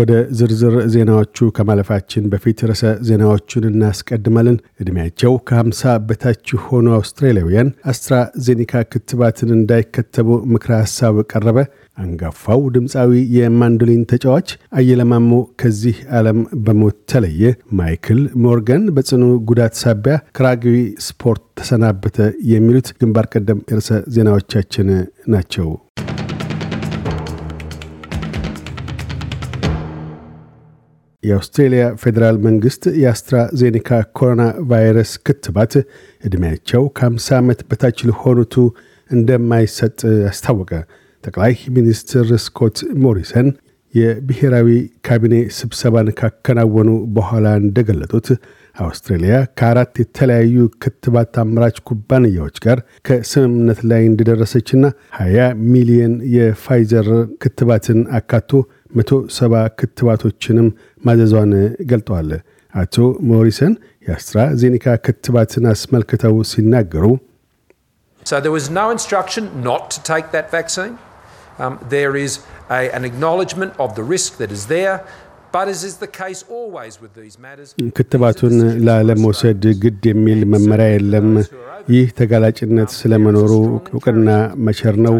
ወደ ዝርዝር ዜናዎቹ ከማለፋችን በፊት ርዕሰ ዜናዎቹን እናስቀድማለን። ዕድሜያቸው ከ50 በታች የሆኑ አውስትራሊያውያን ዜኒካ ክትባትን እንዳይከተቡ ምክረ ሐሳብ ቀረበ። አንጋፋው ድምፃዊ የማንዶሊን ተጫዋች አየለማሞ ከዚህ ዓለም በሞት ተለየ። ማይክል ሞርጋን በጽኑ ጉዳት ሳቢያ ከራግቢ ስፖርት ተሰናበተ። የሚሉት ግንባር ቀደም ርዕሰ ዜናዎቻችን ናቸው። የአውስትሬልያ ፌዴራል መንግሥት የአስትራዜኒካ ኮሮና ቫይረስ ክትባት ዕድሜያቸው ከ50 ዓመት በታች ለሆኑቱ እንደማይሰጥ አስታወቀ። ጠቅላይ ሚኒስትር ስኮት ሞሪሰን የብሔራዊ ካቢኔ ስብሰባን ካከናወኑ በኋላ እንደገለጡት አውስትሬልያ ከአራት የተለያዩ ክትባት አምራች ኩባንያዎች ጋር ከስምምነት ላይ እንደደረሰችና 20 ሚሊየን የፋይዘር ክትባትን አካቶ ሰባ ክትባቶችንም ማዘዟን ገልጠዋል። አቶ ሞሪሰን የአስትራ ዜኒካ ክትባትን አስመልክተው ሲናገሩ um, mm, ክትባቱን ላለመውሰድ ግድ የሚል መመሪያ የለም። ይህ ተጋላጭነት ስለመኖሩ እውቅና መቸር ነው።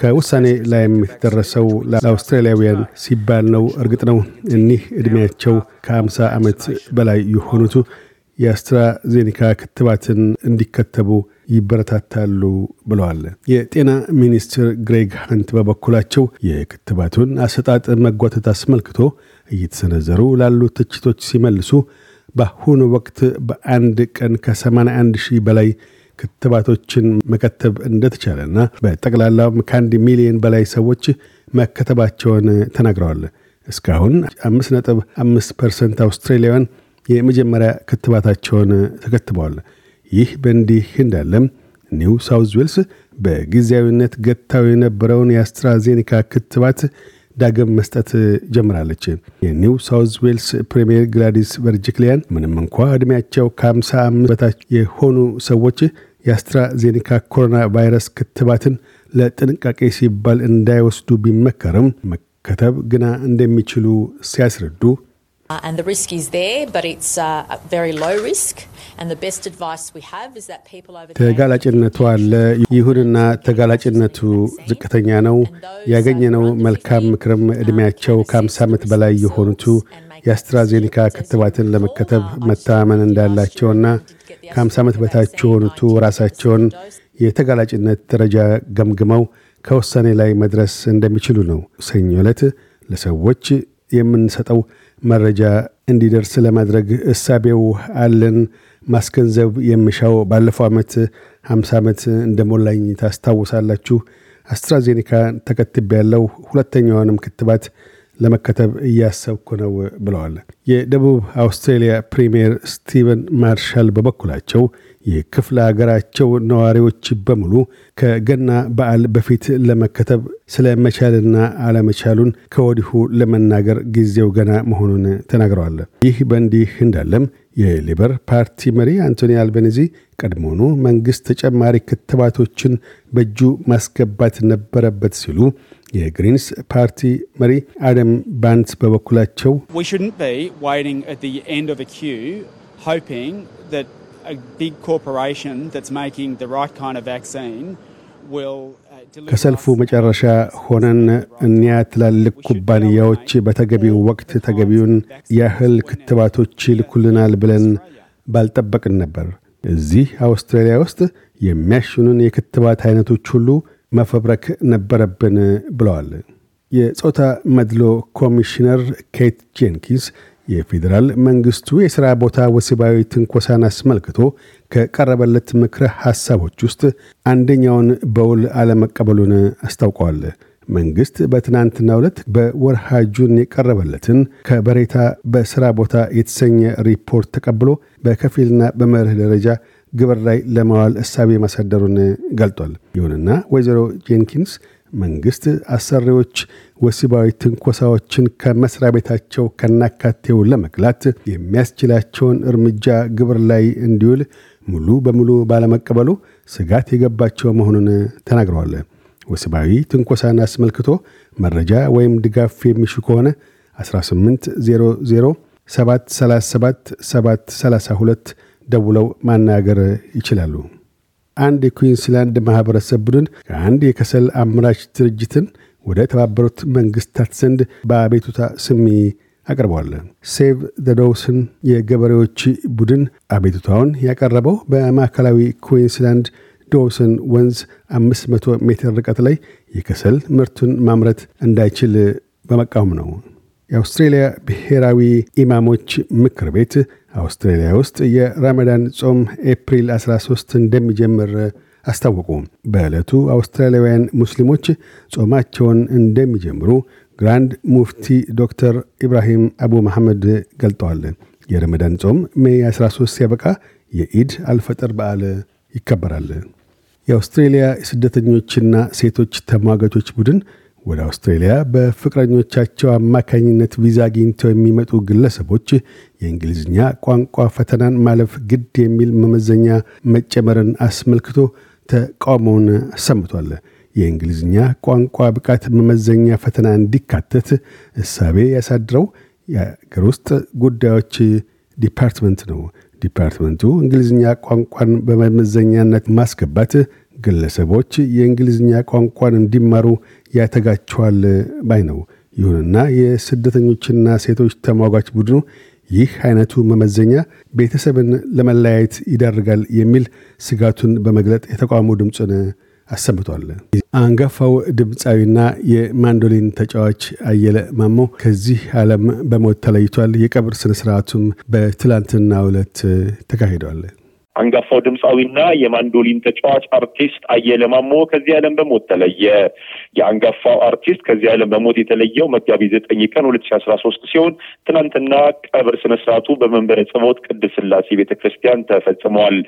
ከውሳኔ ላይም የተደረሰው ለአውስትራሊያውያን ሲባል ነው። እርግጥ ነው እኒህ ዕድሜያቸው ከአምሳ ዓመት በላይ የሆኑቱ የአስትራዜኒካ ክትባትን እንዲከተቡ ይበረታታሉ ብለዋል። የጤና ሚኒስትር ግሬግ ሃንት በበኩላቸው የክትባቱን አሰጣጥ መጓተት አስመልክቶ እየተሰነዘሩ ላሉ ትችቶች ሲመልሱ በአሁኑ ወቅት በአንድ ቀን ከ81 ሺህ በላይ ክትባቶችን መከተብ እንደተቻለ በጠቅላላውም ከአንድ ሚሊዮን በላይ ሰዎች መከተባቸውን ተናግረዋል። እስካሁን አምስት ነጥብ አምስት ፐርሰንት አውስትራሊያውያን የመጀመሪያ ክትባታቸውን ተከትበዋል። ይህ በእንዲህ እንዳለም ኒው ሳውዝ ዌልስ በጊዜያዊነት ገታው የነበረውን የአስትራዜኒካ ክትባት ዳግም መስጠት ጀምራለች። የኒው ሳውዝ ዌልስ ፕሪምየር ግላዲስ ቨርጅክሊያን ምንም እንኳ ዕድሜያቸው ከ50 በታች የሆኑ ሰዎች የአስትራዜኒካ ኮሮና ቫይረስ ክትባትን ለጥንቃቄ ሲባል እንዳይወስዱ ቢመከርም መከተብ ግና እንደሚችሉ ሲያስረዱ uh, ተጋላጭነቱ አለ። ይሁንና ተጋላጭነቱ ዝቅተኛ ነው። uh, ያገኘነው መልካም ምክርም ዕድሜያቸው ከ50 ዓመት በላይ የሆኑቱ የአስትራዜኒካ ክትባትን ለመከተብ መተማመን እንዳላቸውና ከ50 ዓመት በታች የሆኑቱ ራሳቸውን የተጋላጭነት ደረጃ ገምግመው ከውሳኔ ላይ መድረስ እንደሚችሉ ነው። ሰኞ ዕለት ለሰዎች የምንሰጠው መረጃ እንዲደርስ ለማድረግ እሳቤው አለን። ማስገንዘብ የምሻው ባለፈው ዓመት 50 ዓመት እንደሞላኝ ታስታውሳላችሁ። አስትራዜኒካ ተከትቤ ያለው ሁለተኛውንም ክትባት ለመከተብ እያሰብኩ ነው ብለዋል። የደቡብ አውስትሬሊያ ፕሪምየር ስቲቨን ማርሻል በበኩላቸው የክፍለ አገራቸው ነዋሪዎች በሙሉ ከገና በዓል በፊት ለመከተብ ስለመቻልና አለመቻሉን ከወዲሁ ለመናገር ጊዜው ገና መሆኑን ተናግረዋል። ይህ በእንዲህ እንዳለም የሊበር ፓርቲ መሪ አንቶኒ አልቤኒዚ ቀድሞኑ መንግሥት ተጨማሪ ክትባቶችን በእጁ ማስገባት ነበረበት ሲሉ፣ የግሪንስ ፓርቲ መሪ አደም ባንት በበኩላቸው ከሰልፉ መጨረሻ ሆነን እኒያ ትላልቅ ኩባንያዎች በተገቢው ወቅት ተገቢውን ያህል ክትባቶች ይልኩልናል ብለን ባልጠበቅን ነበር። እዚህ አውስትራሊያ ውስጥ የሚያሽኑን የክትባት አይነቶች ሁሉ መፈብረክ ነበረብን ብለዋል። የጾታ መድሎ ኮሚሽነር ኬት ጄንኪንስ የፌዴራል መንግስቱ የሥራ ቦታ ወሲባዊ ትንኮሳን አስመልክቶ ከቀረበለት ምክረ ሐሳቦች ውስጥ አንደኛውን በውል አለመቀበሉን አስታውቀዋል። መንግሥት በትናንትና ዕለት በወርሃ ጁን የቀረበለትን ከበሬታ በሥራ ቦታ የተሰኘ ሪፖርት ተቀብሎ በከፊልና በመርህ ደረጃ ግብር ላይ ለማዋል እሳቤ ማሳደሩን ገልጧል። ይሁንና ወይዘሮ ጄንኪንስ መንግሥት አሰሪዎች ወሲባዊ ትንኮሳዎችን ከመስሪያ ቤታቸው ከናካቴው ለመግላት የሚያስችላቸውን እርምጃ ግብር ላይ እንዲውል ሙሉ በሙሉ ባለመቀበሉ ስጋት የገባቸው መሆኑን ተናግረዋል። ወሲባዊ ትንኮሳን አስመልክቶ መረጃ ወይም ድጋፍ የሚሹ ከሆነ 1800 737 732 ደውለው ማናገር ይችላሉ። አንድ የኩዊንስላንድ ማኅበረሰብ ቡድን ከአንድ የከሰል አምራች ድርጅትን ወደ ተባበሩት መንግሥታት ዘንድ በአቤቱታ ስሚ አቅርቧል። ሴቭ ዘ የገበሬዎች ቡድን አቤቱታውን ያቀረበው በማዕከላዊ ኩዊንስላንድ ዶውሰን ወንዝ 500 ሜትር ርቀት ላይ የከሰል ምርቱን ማምረት እንዳይችል በመቃወም ነው። የአውስትሬልያ ብሔራዊ ኢማሞች ምክር ቤት አውስትራሊያ ውስጥ የራመዳን ጾም ኤፕሪል 13 እንደሚጀምር አስታወቁ። በዕለቱ አውስትራሊያውያን ሙስሊሞች ጾማቸውን እንደሚጀምሩ ግራንድ ሙፍቲ ዶክተር ኢብራሂም አቡ መሐመድ ገልጠዋል። የረመዳን ጾም ሜይ 13 ሲያበቃ የኢድ አልፈጠር በዓል ይከበራል። የአውስትሬልያ ስደተኞችና ሴቶች ተሟጋቾች ቡድን ወደ አውስትሬልያ በፍቅረኞቻቸው አማካኝነት ቪዛ አግኝተው የሚመጡ ግለሰቦች የእንግሊዝኛ ቋንቋ ፈተናን ማለፍ ግድ የሚል መመዘኛ መጨመርን አስመልክቶ ተቃውሞውን አሰምቷል። የእንግሊዝኛ ቋንቋ ብቃት መመዘኛ ፈተና እንዲካተት እሳቤ ያሳድረው የአገር ውስጥ ጉዳዮች ዲፓርትመንት ነው። ዲፓርትመንቱ እንግሊዝኛ ቋንቋን በመመዘኛነት ማስገባት ግለሰቦች የእንግሊዝኛ ቋንቋን እንዲማሩ ያተጋቸዋል ባይ ነው። ይሁንና የስደተኞችና ሴቶች ተሟጋች ቡድኑ ይህ አይነቱ መመዘኛ ቤተሰብን ለመለያየት ይዳርጋል የሚል ስጋቱን በመግለጥ የተቋሙ ድምፁን አሰምቷል። አንጋፋው ድምፃዊና የማንዶሊን ተጫዋች አየለ ማሞ ከዚህ ዓለም በሞት ተለይቷል። የቀብር ስነ ስርዓቱም በትላንትና ዕለት ተካሂዷል። አንጋፋው ድምፃዊና የማንዶሊን ተጫዋች አርቲስት አየለ ማሞ ከዚህ ዓለም በሞት ተለየ። የአንጋፋው አርቲስት ከዚህ ዓለም በሞት የተለየው መጋቢት ዘጠኝ ቀን ሁለት ሺ አስራ ሶስት ሲሆን ትናንትና ቀብር ስነስርዓቱ በመንበረ ጸባኦት ቅድስት ስላሴ ቤተ ክርስቲያን ተፈጽመዋል።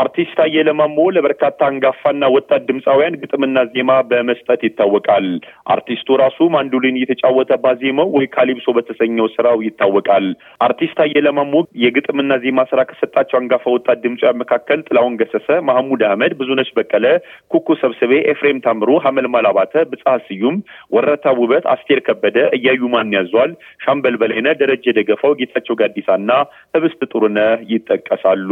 አርቲስት አየለ ማሞ ለበርካታ አንጋፋና ወጣት ድምፃውያን ግጥምና ዜማ በመስጠት ይታወቃል። አርቲስቱ ራሱ ማንዱሊን እየተጫወተ ባዜማው ወይ ካሊብሶ በተሰኘው ስራው ይታወቃል። አርቲስት አየለ ማሞ የግጥምና ዜማ ስራ ከሰጣቸው አንጋፋ ወጣት ድምፃውያን መካከል ጥላሁን ገሰሰ፣ ማህሙድ አህመድ፣ ብዙነች በቀለ፣ ኩኩ ሰብስቤ፣ ኤፍሬም ታምሩ፣ ሀመልማል አባተ፣ ብጽሐት ስዩም፣ ወረታ ውበት፣ አስቴር ከበደ፣ እያዩ ማን ያዟል፣ ሻምበል በላይነ ደረጀ ደገፋው፣ ጌታቸው ጋዲሳና ህብስት ጥሩነ ይጠቀሳሉ።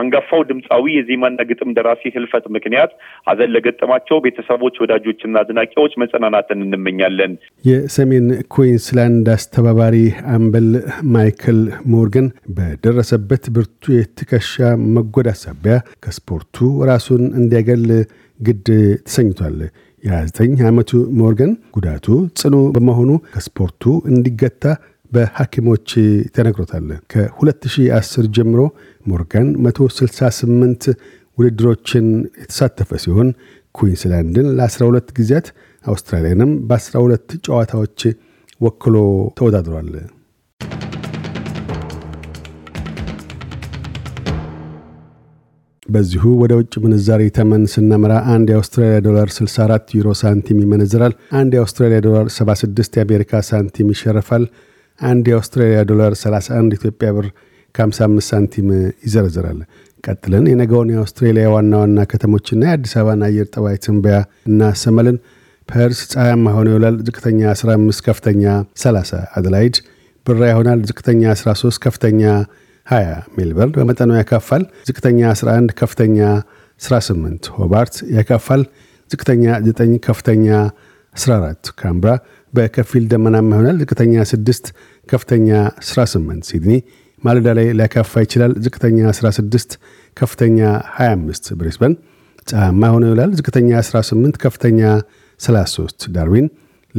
አንጋፋው ድምፃዊ የዜማና ግጥም ደራሲ ህልፈት ምክንያት አዘን ለገጠማቸው ቤተሰቦች፣ ወዳጆችና አድናቂዎች መጸናናትን እንመኛለን። የሰሜን ኩዊንስላንድ አስተባባሪ አምበል ማይክል ሞርገን በደረሰበት ብርቱ የትከሻ መጎዳት ሳቢያ ከስፖርቱ ራሱን እንዲያገል ግድ ተሰኝቷል። የ29 ዓመቱ ሞርገን ጉዳቱ ጽኑ በመሆኑ ከስፖርቱ እንዲገታ በሐኪሞች ተነግሮታል። ከ2010 ጀምሮ ሞርጋን 168 ውድድሮችን የተሳተፈ ሲሆን ኩዊንስላንድን ለ12 ጊዜያት አውስትራሊያንም በ12 ጨዋታዎች ወክሎ ተወዳድሯል። በዚሁ ወደ ውጭ ምንዛሪ ተመን ስናመራ አንድ የአውስትራሊያ ዶላር 64 ዩሮ ሳንቲም ይመነዝራል። አንድ የአውስትራሊያ ዶላር 76 የአሜሪካ ሳንቲም ይሸርፋል። አንድ የአውስትራሊያ ዶላር 31 ኢትዮጵያ ብር ከ55 ሳንቲም ይዘረዝራል። ቀጥለን የነገውን የአውስትሬሊያ ዋና ዋና ከተሞችና የአዲስ አበባን አየር ጠባይ ትንበያ እናሰመልን። ፐርስ ፀሐያማ ሆኖ ይውላል። ዝቅተኛ 15፣ ከፍተኛ 30። አደላይድ ብራ ይሆናል። ዝቅተኛ 13፣ ከፍተኛ 20። ሜልበርን በመጠኑ ያካፋል። ዝቅተኛ 11፣ ከፍተኛ 18። ሆባርት ያካፋል። ዝቅተኛ 9፣ ከፍተኛ 14። ካምብራ በከፊል ደመናማ ይሆናል። ዝቅተኛ 6፣ ከፍተኛ 18። ሲድኒ ማለዳ ላይ ሊያካፋ ይችላል። ዝቅተኛ 16፣ ከፍተኛ 25። ብሪስበን ፀሐያማ ሆኖ ይውላል። ዝቅተኛ 18፣ ከፍተኛ 33። ዳርዊን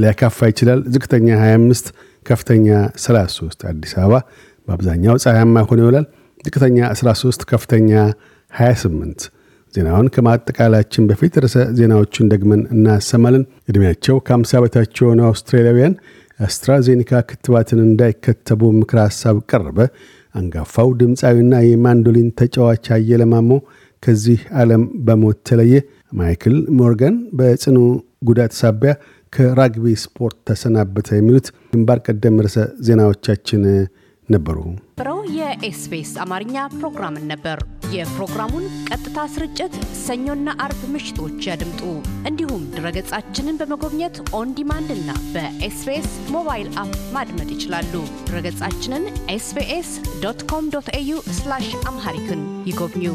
ሊያካፋ ይችላል። ዝቅተኛ 25፣ ከፍተኛ 33። አዲስ አበባ በአብዛኛው ፀሐያማ ሆኖ ይውላል። ዝቅተኛ 13፣ ከፍተኛ 28። ዜናውን ከማጠቃላችን በፊት ርዕሰ ዜናዎቹን ደግመን እናሰማለን። ዕድሜያቸው ከ50 በታች የሆኑ አውስትራሊያውያን አስትራዜኒካ ክትባትን እንዳይከተቡ ምክረ ሐሳብ ቀረበ። አንጋፋው ድምፃዊና የማንዶሊን ተጫዋች አየለ ማሞ ከዚህ ዓለም በሞት ተለየ። ማይክል ሞርጋን በጽኑ ጉዳት ሳቢያ ከራግቢ ስፖርት ተሰናበተ። የሚሉት ግንባር ቀደም ርዕሰ ዜናዎቻችን ነበሩ። ብረው የኤስቢኤስ አማርኛ ፕሮግራምን ነበር። የፕሮግራሙን ቀጥታ ስርጭት ሰኞና አርብ ምሽቶች ያድምጡ። እንዲሁም ድረገጻችንን በመጎብኘት ኦን ዲማንድ እና በኤስቢኤስ ሞባይል አፕ ማድመጥ ይችላሉ። ድረገጻችንን ኤስቢኤስ ዶት ኮም ዶት ኤዩ አምሃሪክን ይጎብኙ።